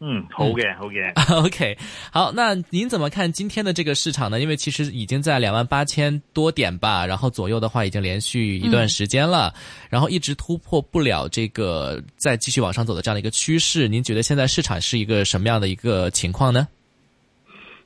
嗯，好嘅，好嘅，OK，好。那您怎麼看今天的這個市場呢？因為其實已經在兩萬八千多點吧，然後左右的話已經連續一段時間了，嗯、然後一直突破不了這個再繼續往上走的這樣的一個趨勢。您覺得現在市場是一個什麼樣的一個情況呢？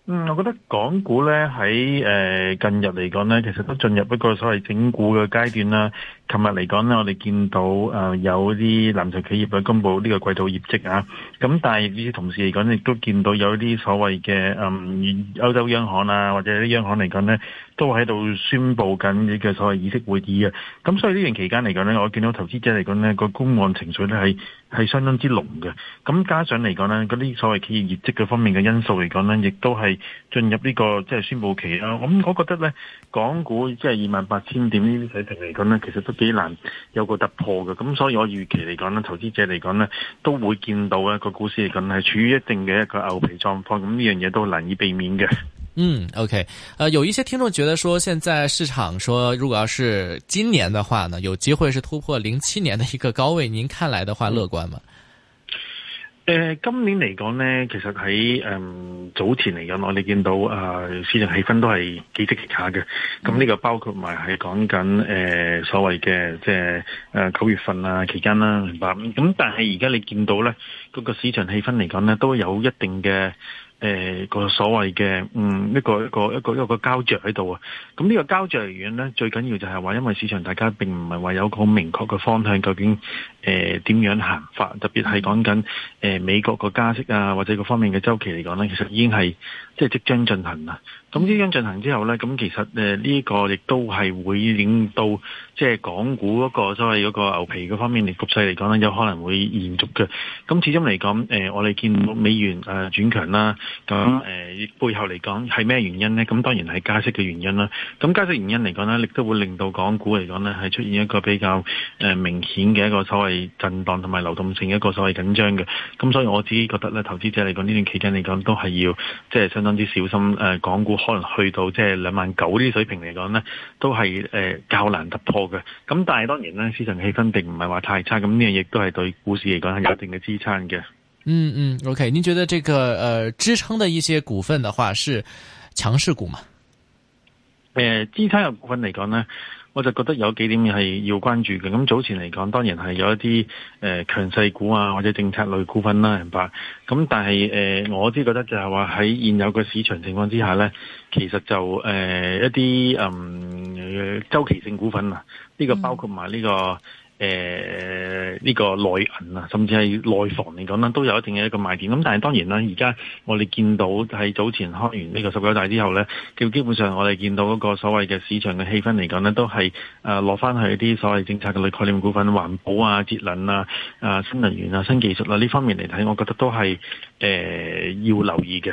嗯，我覺得港股呢，喺誒、呃、近日嚟講呢，其實都進入一個所謂整固嘅階段啦。琴日嚟講呢，我哋見到誒有啲藍籌企業嘅公布呢個季度業績啊。咁但係與此同時嚟講，亦都見到有啲所謂嘅誒、嗯、歐洲央行啊，或者啲央行嚟講呢，都喺度宣佈緊呢個所謂議息會議啊。咁所以呢段期間嚟講呢，我見到投資者嚟講呢個觀望情緒呢係係相當之濃嘅。咁加上嚟講呢，嗰啲所謂企業業績嗰方面嘅因素嚟講呢，亦都係進入呢個即係宣佈期啦。咁我覺得呢，港股即係二萬八千點呢啲水平嚟講呢，其實都幾難有個突破嘅，咁所以我預期嚟講呢，投資者嚟講呢，都會見到呢個股市嚟講係處於一定嘅一個牛皮狀況，咁呢樣嘢都難以避免嘅。嗯，OK，誒、呃，有一些聽眾覺得說，現在市場說如果要是今年的話呢，有機會是突破零七年嘅一個高位，您看來的話樂觀嗎？嗯呃、今年嚟講呢，其實喺、嗯、早前嚟講，我哋見到啊市場氣氛都係幾積極下嘅。咁、嗯、呢個包括埋係講緊誒所謂嘅即係誒九月份啊期間啦、啊，明白。咁但係而家你見到呢，嗰、嗰個市場氣氛嚟講呢，都有一定嘅。誒、呃，個所謂嘅嗯一個一個一個一個膠着喺度啊！咁呢個膠着嚟講咧，最緊要就係話，因為市場大家並唔係話有個好明確嘅方向，究竟誒點、呃、樣行法？特別係講緊誒美國個加息啊，或者各方面嘅周期嚟講咧，其實已經係。即係即將進行啊！咁即將進行之後呢，咁其實誒呢個亦都係會令到即係港股嗰個所謂嗰個牛皮嗰方面嘅局勢嚟講呢，有可能會延續嘅。咁始終嚟講，我哋見到美元誒轉強啦，咁誒背後嚟講係咩原因呢？咁當然係加息嘅原因啦。咁加息原因嚟講呢，亦都會令到港股嚟講呢，係出現一個比較明顯嘅一個所謂震盪同埋流動性一個所謂緊張嘅。咁所以我自己覺得呢，投資者嚟講呢段期間嚟講都係要即係相當啲小心，誒，港股可能去到即係兩萬九呢啲水平嚟講呢都係誒較難突破嘅。咁但係當然呢，市場氣氛並唔係話太差，咁呢樣亦都係對股市嚟講係有一定嘅支撐嘅。嗯嗯，OK，您覺得這個誒、呃、支撐嘅一些股份的話是強勢股嗎，是強勢股嘛？誒，支撐嘅股份嚟講呢。我就覺得有幾點係要關注嘅。咁早前嚟講，當然係有一啲誒強勢股啊，或者政策類股份啦、啊，明白。咁但係誒、呃，我都覺得就係話喺現有嘅市場情況之下呢，其實就誒、呃、一啲嗯周期性股份啊，呢、這個包括埋呢、這個。嗯誒、呃、呢、這個內銀啊，甚至係內房嚟講啦，都有一定嘅一個賣點。咁但係當然啦，而家我哋見到喺早前開完呢個十九大之後呢，叫基本上我哋見到嗰個所謂嘅市場嘅氣氛嚟講呢，都係誒、呃、落翻去啲所謂政策嘅類概念股份、環保啊、節能啊、啊新能源啊、新技術啊呢方面嚟睇，我覺得都係誒、呃、要留意嘅。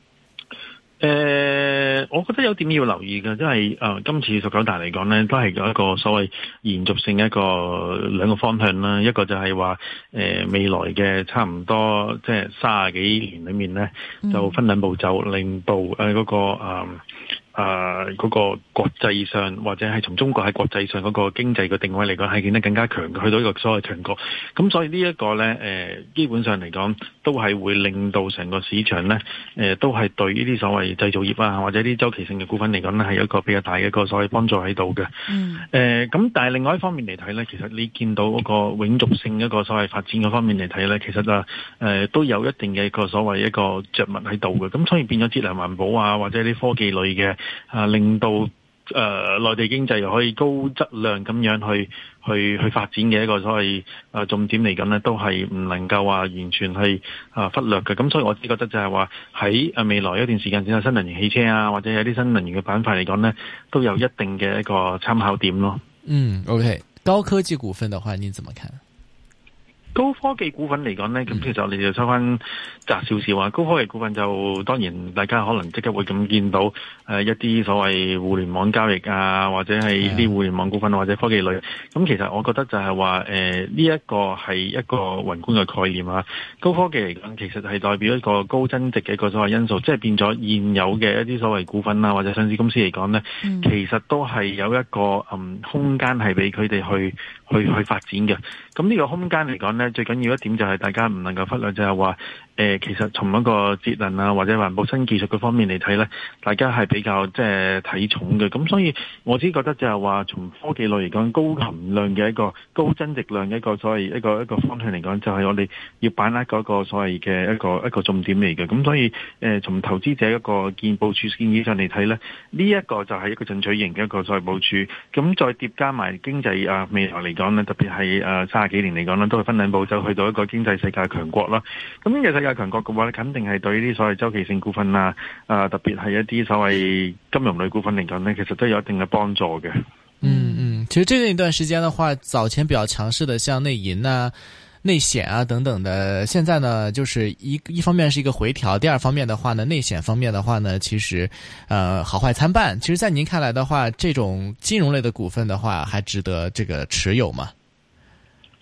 誒、呃，我覺得有點要留意嘅，即係誒今次十九大嚟講呢，都係有一個所謂延續性一個兩個方向啦。一個就係話、呃、未來嘅差唔多即係三十幾年裏面呢，就分兩步走，令到誒嗰、呃嗰個、呃啊、呃，嗰、那個國際上或者係從中國喺國際上嗰個經濟嘅定位嚟講係見得更加強，去到一個所謂強國。咁所以呢一個咧，基本上嚟講都係會令到成個市場咧、呃，都係對呢啲所謂製造業啊或者啲周期性嘅股份嚟講咧係有一個比較大嘅一個所謂幫助喺度嘅。嗯。咁、呃，但係另外一方面嚟睇咧，其實你見到嗰個永續性一個所謂發展嘅方面嚟睇咧，其實啊、呃、都有一定嘅一個所謂一個著墨喺度嘅。咁所以變咗節能環保啊或者啲科技類嘅。啊，令到誒、呃、內地經濟又可以高質量咁樣去去去發展嘅一個所謂誒、呃、重點嚟講，呢都係唔能夠話完全係啊忽略嘅。咁所以我只覺得就係話喺誒未來一段時間，只有新能源汽車啊，或者有啲新能源嘅板塊嚟講呢都有一定嘅一個參考點咯。嗯，OK，高科技股份嘅話，您怎麼看？高科技股份嚟講呢，咁其實我哋就收翻窄少少啊，高科技股份就當然大家可能即刻會咁見到。呃、一啲所謂互聯網交易啊，或者係啲互聯網股份、啊、或者科技類，咁其實我覺得就係話呢一個係一個宏觀嘅概念啊。高科技嚟講，其實係代表一個高增值嘅一個所謂因素，即係變咗現有嘅一啲所謂股份啊，或者上市公司嚟講呢、嗯，其實都係有一個嗯空間係俾佢哋去、嗯、去去發展嘅。咁呢個空間嚟講呢，最緊要一點就係大家唔能夠忽略，就係、是、話。誒，其實從一個節能啊，或者環保新技術嗰方面嚟睇呢，大家係比較即係睇重嘅，咁所以我只覺得就係話，從科技類嚟講，高含量嘅一個高增值量嘅一個所謂一個一個方向嚟講，就係、是、我哋要把握嗰個，個所謂嘅一個一個重點嚟嘅。咁所以誒，從、呃、投資者一個建部署建議上嚟睇咧，呢、這個、一個就係一個進取型嘅一個所謂部署，咁再疊加埋經濟啊，未來嚟講呢，特別係誒卅幾年嚟講咧，都係分兩步走去到一個經濟世界強國啦。咁其實又～強國嘅話咧，肯定係對呢啲所謂周期性股份啊，啊、呃，特別係一啲所謂金融類股份嚟講呢，其實都有一定嘅幫助嘅。嗯嗯，其實最近一段時間嘅話，早前比較強勢的，像內銀啊、內險啊等等的，現在呢，就是一一方面是一個回調，第二方面嘅話呢，內險方面嘅話呢，其實，呃，好壞參半。其實，在您看來嘅話，這種金融類的股份嘅話，還值得這個持有嘛？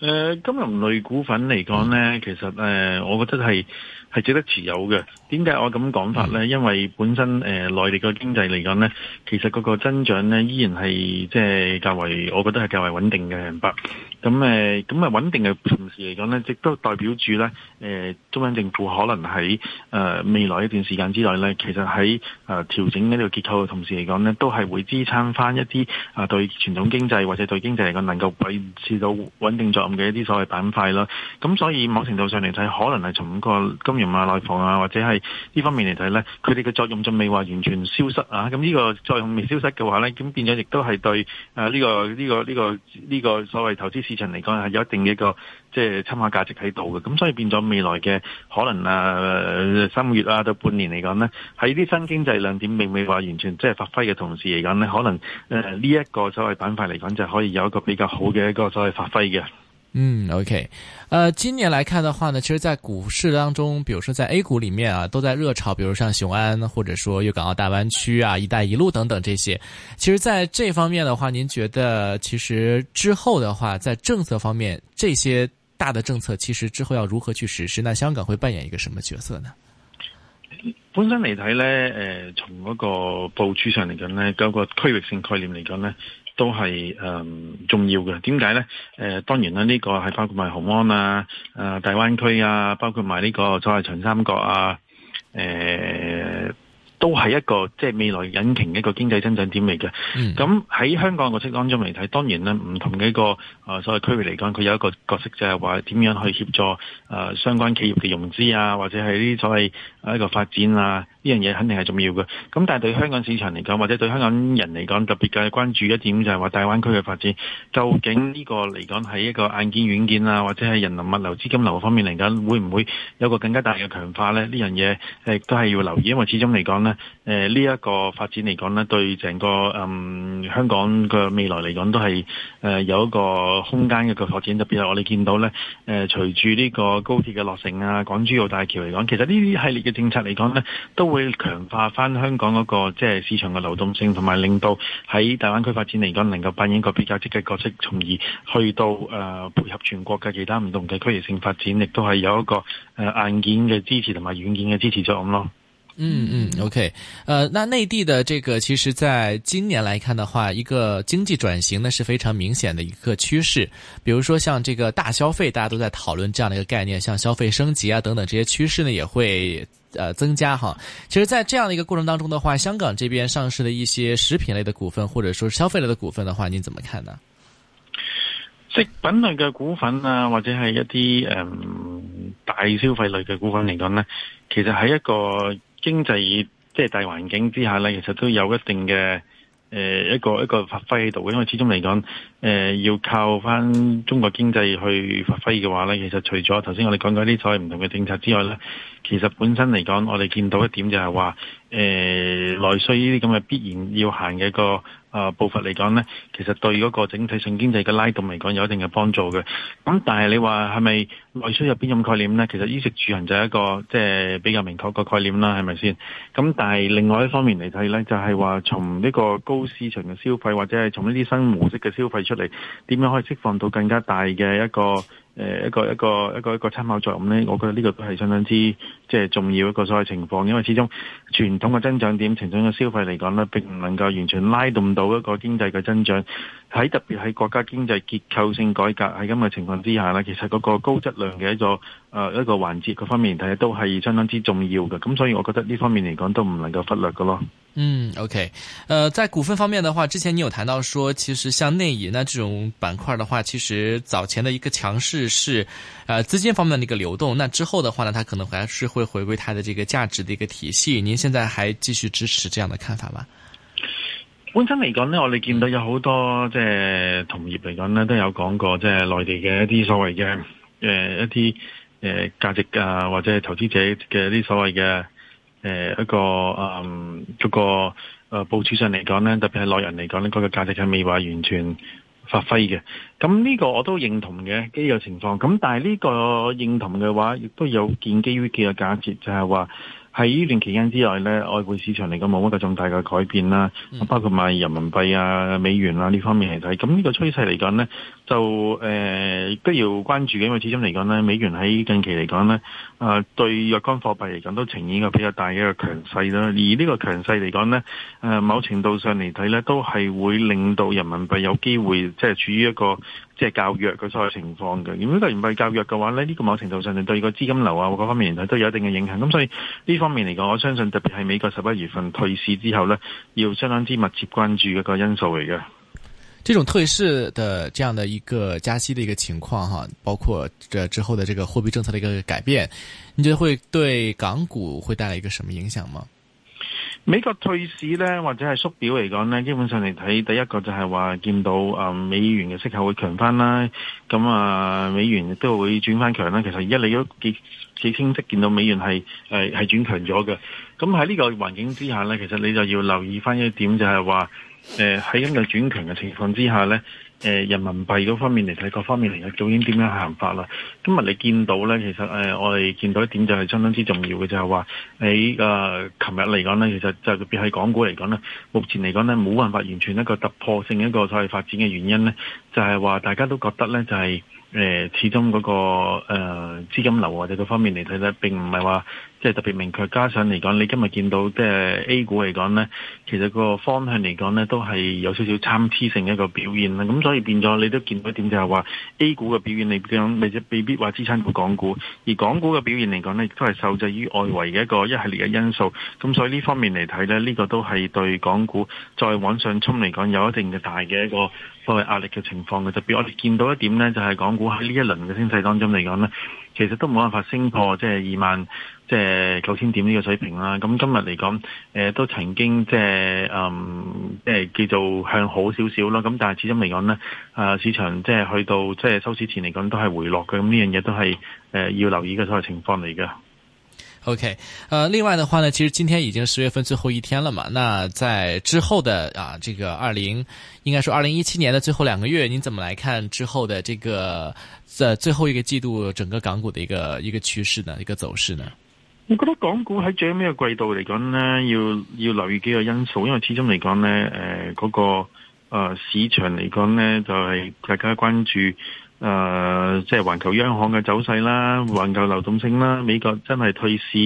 誒、呃，金融類股份嚟講咧，其實誒、呃，我覺得係係值得持有嘅。點解我咁講法呢？因為本身誒、呃、內地個經濟嚟講呢，其實嗰個增長呢依然係即係較為，我覺得係較為穩定嘅。不，咁、呃、誒穩定嘅同時嚟講呢，亦都代表住呢，呃、中央政府可能喺、呃、未來一段時間之內呢，其實喺、呃、調整呢個結構嘅同時嚟講呢，都係會支撐翻一啲、呃、對傳統經濟或者對經濟嚟講能夠維持到穩定作用嘅一啲所謂板塊咯。咁所以某程度上嚟睇，可能係從個金融啊、內房啊，或者係呢方面嚟睇呢，佢哋嘅作用就未話完全消失啊！咁呢個作用未消失嘅話呢，咁變咗亦都係對誒呢、呃呢個呢、呢個呢、呢個呢、呢個所謂投資市場嚟講係有一定嘅一個即係參考價值喺度嘅。咁所以變咗未來嘅可能啊、呃、三個月啊到半年嚟講呢，喺啲新經濟亮點未未話完全即係發揮嘅同時嚟講呢，可能誒呢一個所謂板塊嚟講就是可以有一個比較好嘅一個所謂發揮嘅。嗯，OK，呃，今年來看的話呢，其實，在股市當中，比如說在 A 股裏面啊，都在熱炒，比如像雄安，或者說粵港澳大灣區啊，一帶一路等等這些。其實，在這方面的話，您覺得，其實之後的話，在政策方面，這些大的政策，其實之後要如何去實施？那香港會扮演一個什麼角色呢？本身嚟睇呢，誒、呃，從嗰個部署上嚟講呢，嗰、那個區域性概念嚟講呢。都係誒、嗯、重要嘅，點解呢？誒、呃、當然啦，呢個係包括埋紅安啊、誒、呃、大灣區啊，包括埋、這、呢個所謂長三角啊，誒、呃、都係一個即係、就是、未來引擎一個經濟增長點嚟嘅。咁、嗯、喺香港嘅角色當中嚟睇，當然咧，唔同嘅一個啊、呃、所謂區域嚟講，佢有一個角色就係話點樣去協助誒、呃、相關企業嘅融資啊，或者係呢啲所謂一個發展啊。呢樣嘢肯定係重要嘅，咁但係對香港市場嚟講，或者對香港人嚟講，特別嘅關注一點就係話大灣區嘅發展，究竟呢個嚟講係一個硬件、軟件啊，或者係人流、物流、資金流嘅方面嚟講，會唔會有一個更加大嘅強化咧？呢樣嘢誒都係要留意，因為始終嚟講咧，誒呢一個發展嚟講咧，對成個嗯香港嘅未來嚟講都係誒有一個空間嘅個擴展，特別係我哋見到咧，誒、呃、隨住呢個高鐵嘅落成啊，港珠澳大橋嚟講，其實呢啲系列嘅政策嚟講咧都。會強化翻香港嗰個即係市場嘅流動性，同埋令到喺大灣區發展嚟講，能夠扮演一個比較積極角色，從而去到誒、呃、配合全國嘅其他唔同嘅區域性發展，亦都係有一個、呃、硬件嘅支持同埋軟件嘅支持作用咯。嗯嗯，OK，呃，那內地的這個，其實在今年來看的話，一個經濟轉型呢是非常明顯的一個趨勢。比如說像這個大消費，大家都在討論這樣的一個概念，像消費升級啊等等這些趨勢呢也會呃增加哈。其實，在這樣的一個過程當中的話，香港這邊上市的一些食品類的股份，或者說消費類的股份的話，您怎麼看呢？食品類的股份啊，或者是一啲嗯、呃、大消費類的股份嚟講呢，其實喺一個經濟即係大環境之下呢，其實都有一定嘅，誒、呃、一個一個發揮喺度嘅。因為始終嚟講，誒、呃、要靠翻中國經濟去發揮嘅話呢，其實除咗頭先我哋講嗰啲所謂唔同嘅政策之外呢，其實本身嚟講，我哋見到一點就係話，誒，內需呢啲咁嘅必然要行嘅一個。啊、呃，步伐嚟講呢，其實對嗰個整體性經濟嘅拉動嚟講，有一定嘅幫助嘅。咁但係你話係咪內需入邊咁概念呢？其實衣食住行就係一個即係、就是、比較明確嘅概念啦，係咪先？咁但係另外一方面嚟睇呢，就係、是、話從呢個高市場嘅消費，或者係從呢啲新模式嘅消費出嚟，點樣可以釋放到更加大嘅一個？誒，一個一個一個一個參考作用咧，我覺得呢個都係相當之即係重要一個所謂情況，因為始終傳統嘅增長點，傳統嘅消費嚟講咧，並唔能夠完全拉動到一個經濟嘅增長。喺特別喺國家經濟結構性改革喺咁嘅情況之下呢，其實嗰個高質量嘅一個誒、呃、一個環節各方面，其實都係相當之重要嘅。咁所以我覺得呢方面嚟講都唔能夠忽略噶咯。嗯，OK，呃在股份方面的話，之前你有談到說，其實像內銀呢種板塊的話，其實早前的一個強勢是，誒、呃、資金方面的一個流動。那之後的話呢，它可能還是會回歸它的這個價值的一個體系。您現在還繼續支持這樣的看法嗎？本身嚟講呢，我哋見到有好多即係同業嚟講呢，都有講過即係內地嘅一啲所謂嘅、呃、一啲、呃、價值啊、呃，或者投資者嘅啲所謂嘅、呃、一個誒、嗯、個誒部署上嚟講呢，特別係內人嚟講呢，嗰、嗰個價值係未話完全發揮嘅。咁呢個我都認同嘅呢個情況。咁但係呢個認同嘅話，亦都有建基於幾個假設，就係話。喺呢段期間之外咧，外匯市場嚟講冇乜個重大嘅改變啦。包括買人民幣啊、美元啊呢方面嚟睇，咁呢個趨勢嚟講咧，就誒、呃、都要關注嘅，因為始終嚟講咧，美元喺近期嚟講咧，啊、呃、對若干貨幣嚟講都呈現一個比較大嘅一個強勢啦。而呢個強勢嚟講咧，誒、呃、某程度上嚟睇咧，都係會令到人民幣有機會即係、就是、處於一個。即係較弱嘅所有情況嘅，如果佢唔係較弱嘅話咧，呢、這個某程度上對個資金流啊，各方面都有一定嘅影響。咁所以呢方面嚟講，我相信特別係美國十一月份退市之後咧，要相當之密切關注一個因素嚟嘅。這種退市的這樣的一個加息的一個情況，哈，包括這之後的這個貨幣政策的一個改變，你覺得會對港股會帶來一個什麼影響嗎？美國退市咧，或者係縮表嚟講咧，基本上嚟睇，第一個就係話見到啊、嗯、美元嘅息口會強翻啦。咁啊美元都會轉翻強啦。其實而家你都幾幾清晰見到美元係係轉強咗嘅。咁喺呢個環境之下咧，其實你就要留意翻一點就，就係話誒喺咁嘅轉強嘅情況之下咧。誒，人民幣嗰方面嚟睇，各方面嚟睇，究竟點樣行法啦？今日你見到咧，其實誒，我哋見到一點就係相當之重要嘅，就係話，喺誒，琴日嚟講咧，其實就係特別係港股嚟講咧，目前嚟講咧，冇辦法完全一個突破性一個所謂發展嘅原因咧，就係話大家都覺得咧，就係誒，始終嗰個誒資金流或者嗰方面嚟睇咧，並唔係話。即係特別明確，加上嚟講，你今日見到即係 A 股嚟講呢，其實個方向嚟講呢，都係有少少參差性嘅一個表現啦。咁所以變咗，你都見到一點就係話，A 股嘅表現嚟講，未未必話支撐過港股。而港股嘅表現嚟講呢，亦都係受制於外圍嘅一個一系列嘅因素。咁所以呢方面嚟睇呢，呢、呢個都係對港股再往上衝嚟講有一定嘅大嘅一個所謂壓力嘅情況嘅。就俾我哋見到一點呢，就係、係、港股喺呢一輪嘅升勢當中嚟講呢。其實都冇辦法升破即係二萬即係九千點呢個水平啦。咁今日嚟講，誒、呃、都曾經即係嗯即係叫做向好少少啦。咁但係始終嚟講呢，啊市場即係去到即係收市前嚟講都係回落嘅。咁呢樣嘢都係誒、呃、要留意嘅所謂情況嚟㗎。OK，呃，另外的話呢，其實今天已經十月份最後一天了嘛，那在之後的啊，這個二零，應該說二零一七年的最後兩個月，您怎麼來看之後的這個在、呃、最後一個季度整個港股的一個一個趨勢呢，一個走勢呢？我覺得港股喺最尾嘅季度嚟講呢，要要留意幾個因素，因為始終嚟講呢，誒、呃、嗰、那個誒、呃、市場嚟講呢，就係、是、大家關注。誒、呃，即係環球央行嘅走勢啦，環球流動性啦，美國真係退市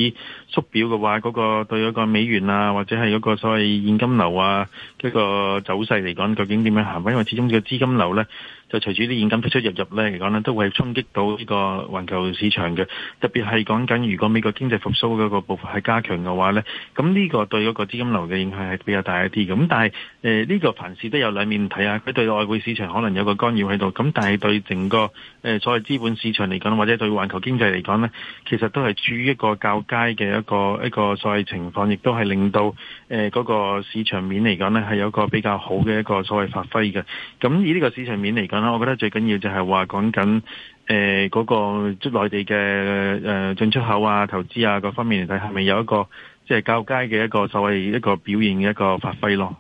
縮表嘅話嗰、嗰個對嗰美元啊，或者係嗰個所謂現金流啊，一、一個走勢嚟講，究竟點樣行？因為始終呢個資金流咧。就隨住啲現金推出入入來呢，嚟講呢都會衝擊到呢個環球市場嘅。特別係講緊，如果美國經濟復甦嗰個步伐係加強嘅話呢，咁呢個對嗰個資金流嘅影響係比較大一啲嘅。咁但係呢、呃呢個凡事都有兩面睇啊，佢對外匯市場可能有個干擾喺度。咁但係對整個、呃、所謂資本市場嚟講，或者對環球經濟嚟講呢，其實都係處於一個較佳嘅一個一個所謂情況，亦都係令到誒嗰、呃嗰個市場面嚟講呢係有個比較好嘅一個所謂發揮嘅。咁以呢個市場面嚟。我覺得最緊要就係話講緊誒，呃那個即係內地嘅誒、呃、進出口啊、投資啊各方面嚟睇，係咪有一個即係、就是、較佳嘅一個所謂一個表現的一個發揮咯？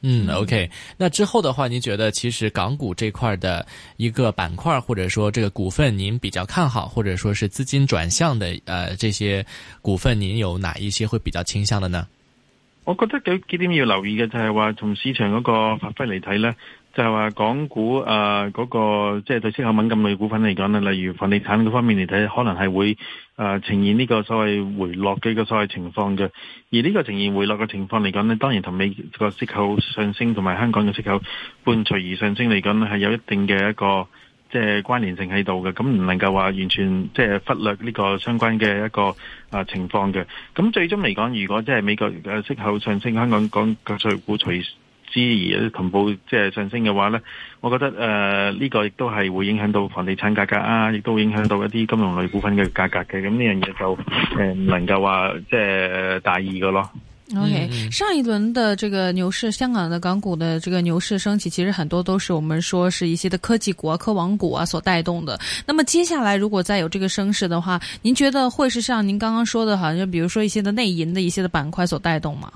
嗯，OK。那之後的話，你覺得其實港股這塊的一個板塊，或者說這個股份，您比較看好，或者說是資金轉向的誒、呃，這些股份，您有哪一些會比較傾向的呢？我覺得有幾點要留意嘅，就係話從市場嗰個發揮嚟睇呢就係、是、話港股誒嗰、呃那個即係、就是、對息口敏感類股份嚟講咧，例如房地產嗰方面嚟睇，可能係會誒、呃呃、呈現呢個所謂回落嘅、這個所謂情況嘅。而呢個呈現回落嘅情況嚟講咧，當然同美國嘅息口上升同埋香港嘅息口伴隨而上升嚟講咧，係有一定嘅一個即係、就是、關聯性喺度嘅。咁唔能夠話完全即係、就是、忽略呢個相關嘅一個啊、呃、情況嘅。咁最終嚟講，如果即係美國嘅息口上升，香港港幣嘅息口隨支而同步即係上升嘅話呢，我覺得誒呢、呃這個亦都係會影響到房地產價格啊，亦都會影響到一啲金融類股份嘅價格嘅，咁、嗯、呢樣嘢就誒唔、呃、能夠話即係大意嘅咯。OK，上一輪的這個牛市，香港的港股的這個牛市升起，其實很多都是我們說是一些的科技股、啊、科網股啊所帶動的。那麼，接下來如果再有這個升勢的話，您覺得會是像您剛剛說的，哈，就比如說一些的內銀的一些的板塊所帶動嗎？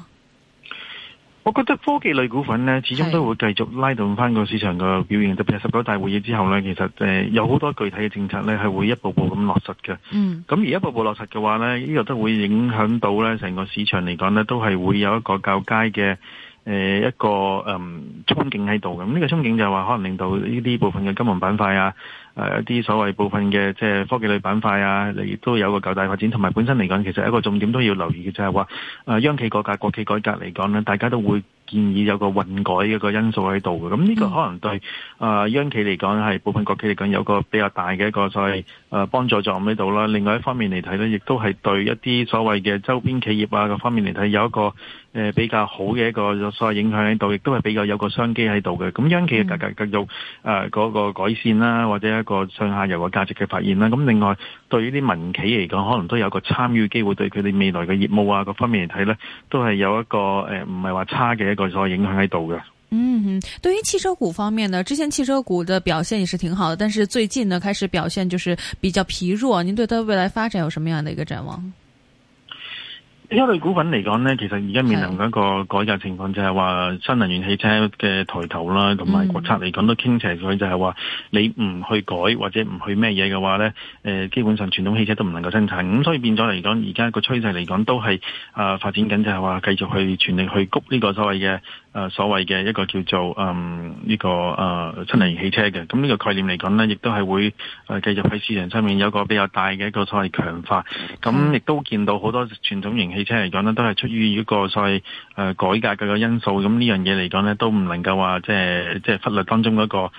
我覺得科技類股份呢，始終都會繼續拉動翻個市場嘅表現，特別係十九大會議之後呢，其實誒有好多具體嘅政策呢，係會一步步咁落實嘅。嗯，咁而一步步落實嘅話呢，呢，呢個都會影響到呢成個市場嚟講呢，都係會有一個較佳嘅誒一個嗯憧憬喺度嘅。咁呢個憧憬就係話，可能令到呢啲部分嘅金融板塊啊。誒、呃、一啲所謂部分嘅即係科技類板塊啊，亦都有個較大發展。同埋本身嚟講，其實一個重點都要留意嘅就係話，誒、呃、央企改革、國企改革嚟講咧，大家都會建議有一個混改嘅個因素喺度嘅。咁呢個可能對誒、呃、央企嚟講，係部分國企嚟講有個比較大嘅一個所謂誒、呃、幫助作用喺度啦。另外一方面嚟睇咧，亦都係對一啲所謂嘅周邊企業啊各方面嚟睇有一個。誒、呃，比較好嘅一個所謂影響喺度，亦都係比較有個商機喺度嘅。咁央企嘅價格繼續誒個改善啦、啊，或者一個上下游嘅價值嘅發現啦、啊。咁另外對呢啲民企嚟講，可能都有個參與機會，對佢哋未來嘅業務啊各、那個、方面嚟睇呢，都係有一個誒唔係話差嘅一個所謂影響喺度嘅。嗯，對於汽車股方面呢，之前汽車股嘅表現也是挺好嘅，但是最近呢開始表現就是比較疲弱。您對它未來發展有什麼樣的一個展望？呢一類股份嚟講呢，其實而家面臨一個改革情況，就係話新能源汽車嘅抬頭啦，同埋國策嚟講都傾斜佢，就係話你唔去改或者唔去咩嘢嘅話呢，誒，基本上傳統汽車都唔能夠生產。咁所以變咗嚟講，而家個趨勢嚟講都係啊發展緊，就係話繼續去全力去谷呢個所謂嘅誒所謂嘅一個叫做嗯呢個誒新能源汽車嘅。咁呢個概念嚟講呢，亦都係會誒繼續喺市場上面有一個比較大嘅一個所謂強化。咁亦都見到好多傳統型汽車嗯嗯 OK 啊就是啊，這這汽車嚟講呢，都係出於一個所謂誒改革嘅個因素，咁呢樣嘢嚟講呢，都唔能夠話即係即係忽略當中嗰個誒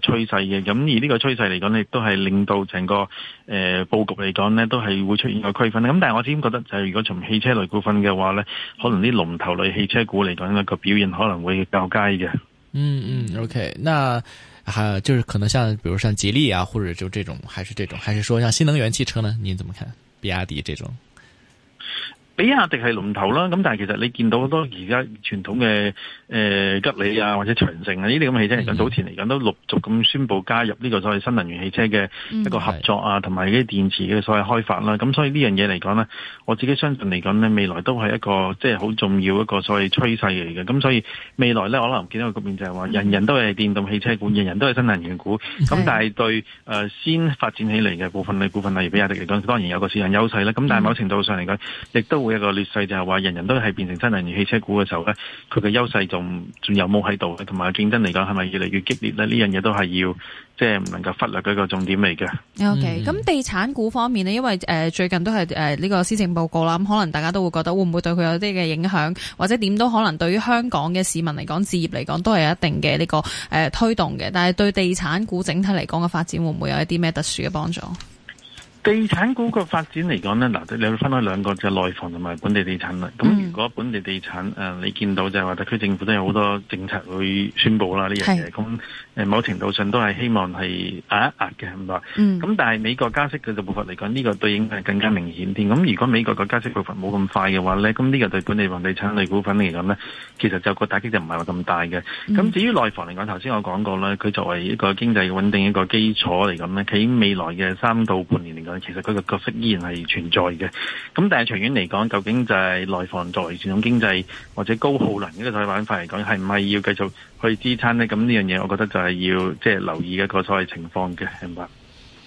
趨勢嘅。咁而呢個趨勢嚟講呢，亦都係令到成個誒布局嚟講呢，都係會出現個區分。咁但係我始終覺得，就係如果從汽車類股份嘅話呢，可能啲龍頭類汽車股嚟講呢，個表現可能會較佳嘅。嗯嗯，OK，那，啊，就是可能像，比如像吉利啊，或者就這種，還是這種，還是說像新能源汽車呢？您怎麼看比亞迪這種？比亞迪係龍頭啦，咁但係其實你見到好多而家傳統嘅誒、呃、吉利啊，或者長城啊呢啲咁嘅汽車，其實早前嚟講都陸續咁宣布加入呢個所謂新能源汽車嘅一個合作啊，同埋啲電池嘅所謂開發啦。咁所以呢樣嘢嚟講呢，我自己相信嚟講呢，未來都係一個即係好重要一個所謂趨勢嚟嘅。咁所以未來呢，我可能見到嗰面就係話人人都係電動汽車股，人人都係新能源股。咁但係對誒、呃、先發展起嚟嘅部分嘅股份，例如比亞迪嚟講，當然有個市場優勢啦。咁但係某程度上嚟講，亦、嗯、都。會一個劣勢就係話人人都係變成新能源汽車股嘅時候咧，佢嘅優勢仲仲有冇喺度？同埋競爭嚟講係咪越嚟越激烈咧？呢樣嘢都係要即係唔能夠忽略嘅一個重點嚟嘅。OK，咁地產股方面呢，因為誒、呃、最近都係誒呢個施政報告啦，咁可能大家都會覺得會唔會對佢有啲嘅影響，或者點都可能對於香港嘅市民嚟講，置業嚟講都係有一定嘅呢、這個誒、呃、推動嘅。但係對地產股整體嚟講嘅發展，會唔會有一啲咩特殊嘅幫助？地產股嘅發展嚟講咧，嗱，你會分開兩個就係、是、內房同埋本地地產啦。咁如果本地地產誒，嗯、你見到就係話特區政府都有好多政策去宣布啦呢樣嘢，咁。誒某程度上都係希望係壓一壓嘅，咁咯。咁、嗯、但係美國加息嘅部分嚟講，呢、呢個對應係更加明顯啲。咁如果美國個加息部分冇咁快嘅話咧，咁呢個對本地房地產類股份嚟講咧，其實就個打擊就唔係話咁大嘅。咁、嗯、至於內房嚟講，頭先我講過啦，佢作為一個經濟穩定一個基礎嚟講咧，喺未來嘅三到半年嚟講，其實佢嘅角色依然係存在嘅。咁但係長遠嚟講，究竟就係內房作為傳統經濟或者高耗能嘅一個板塊嚟講，係唔係要繼續去支撐呢？咁呢樣嘢，我覺得就係要即係、就是、留意一個所謂情況嘅，明白？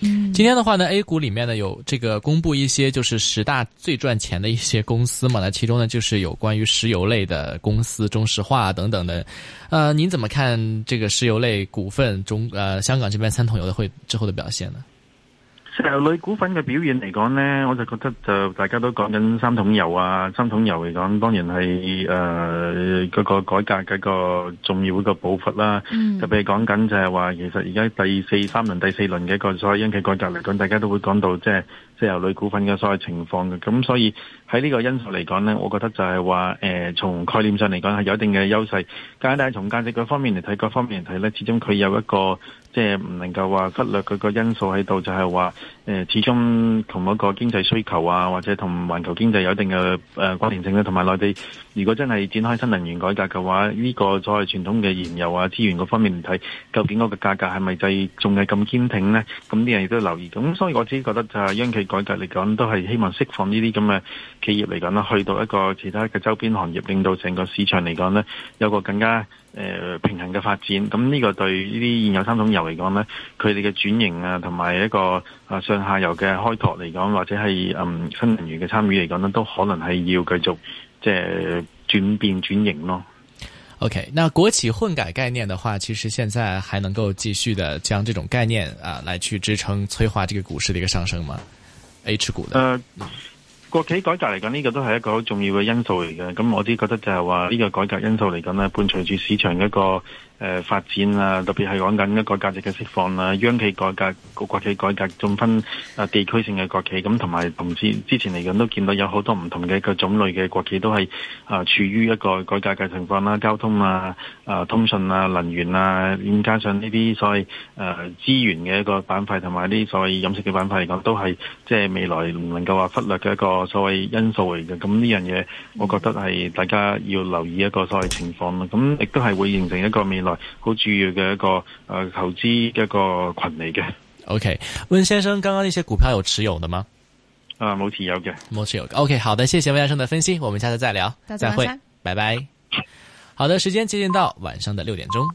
嗯，今天嘅話呢，A 股裏面呢有這個公布一些，就是十大最賺錢嘅一些公司嘛，那其中呢就是有關於石油類嘅公司，中石化等等的，呃，您怎麼看這個石油類股份中，呃，香港這邊三桶油的會之後嘅表現呢？石油類股份嘅表現嚟講咧，我就覺得就大家都講緊三桶油啊，三桶油嚟講，當然係誒嗰個改革嗰個重要嘅步伐啦。嗯，就譬如講緊就係話，其實而家第四三輪、第四輪嘅一個所謂央企改革嚟講，大家都會講到即係石油類股份嘅所謂情況嘅。咁所以喺呢個因素嚟講咧，我覺得就係話誒，從概念上嚟講係有一定嘅優勢，但係從價值嗰方面嚟睇，各方面嚟睇咧，始終佢有一個。即係唔能夠話忽略佢個因素喺度，就係話。誒始終同一個經濟需求啊，或者同環球經濟有一定嘅誒關聯性啦，同埋內地如果真係展開新能源改革嘅話，呢、這個作為傳統嘅燃油啊資源嗰方面嚟睇，究竟嗰個價格係咪就係仲係咁堅挺呢？咁啲人亦都留意，咁所以我自己覺得就係央企改革嚟講，都係希望釋放呢啲咁嘅企業嚟講啦，去到一個其他嘅周邊行業，令到成個市場嚟講呢有個更加誒、呃、平衡嘅發展。咁呢個對呢啲現有三桶油嚟講呢佢哋嘅轉型啊，同埋一個。啊，上下游嘅開拓嚟講，或者係嗯新能源嘅參與嚟講呢都可能係要繼續即係、呃、轉變轉型咯。OK，那國企混改概念的話，其實現在還能夠繼續的將這種概念啊，來去支撐催化這個股市的一個上升嗎？H 股的誒、呃，國企改革嚟講呢個都係一個好重要嘅因素嚟嘅。咁我都覺得就係話呢個改革因素嚟講呢伴隨住市場一個。誒，發展啊，特別係講緊一個價值嘅釋放啊，央企改革、國企改革，仲分誒地區性嘅國企，咁同埋同之之前嚟講都見到有好多唔同嘅一個種類嘅國企都係誒處於一個改革嘅情況啦，交通啊、啊通訊啊、能源啊，加上呢啲所謂誒資源嘅一個板塊，同埋啲所謂飲食嘅板塊嚟講，都係即係未來唔能夠話忽略嘅一個所謂因素嚟嘅。咁呢樣嘢，我覺得係大家要留意一個所謂情況啦。咁亦都係會形成一個面。好主要嘅一個誒、呃、投資一個群嚟嘅。OK，溫先生，剛剛那些股票有持有的嗎？啊，冇持有嘅，冇持有嘅。OK，好的，謝謝溫先生嘅分析，我們下次再聊再，再會，拜拜。好的，時間接近到晚上的六點鐘。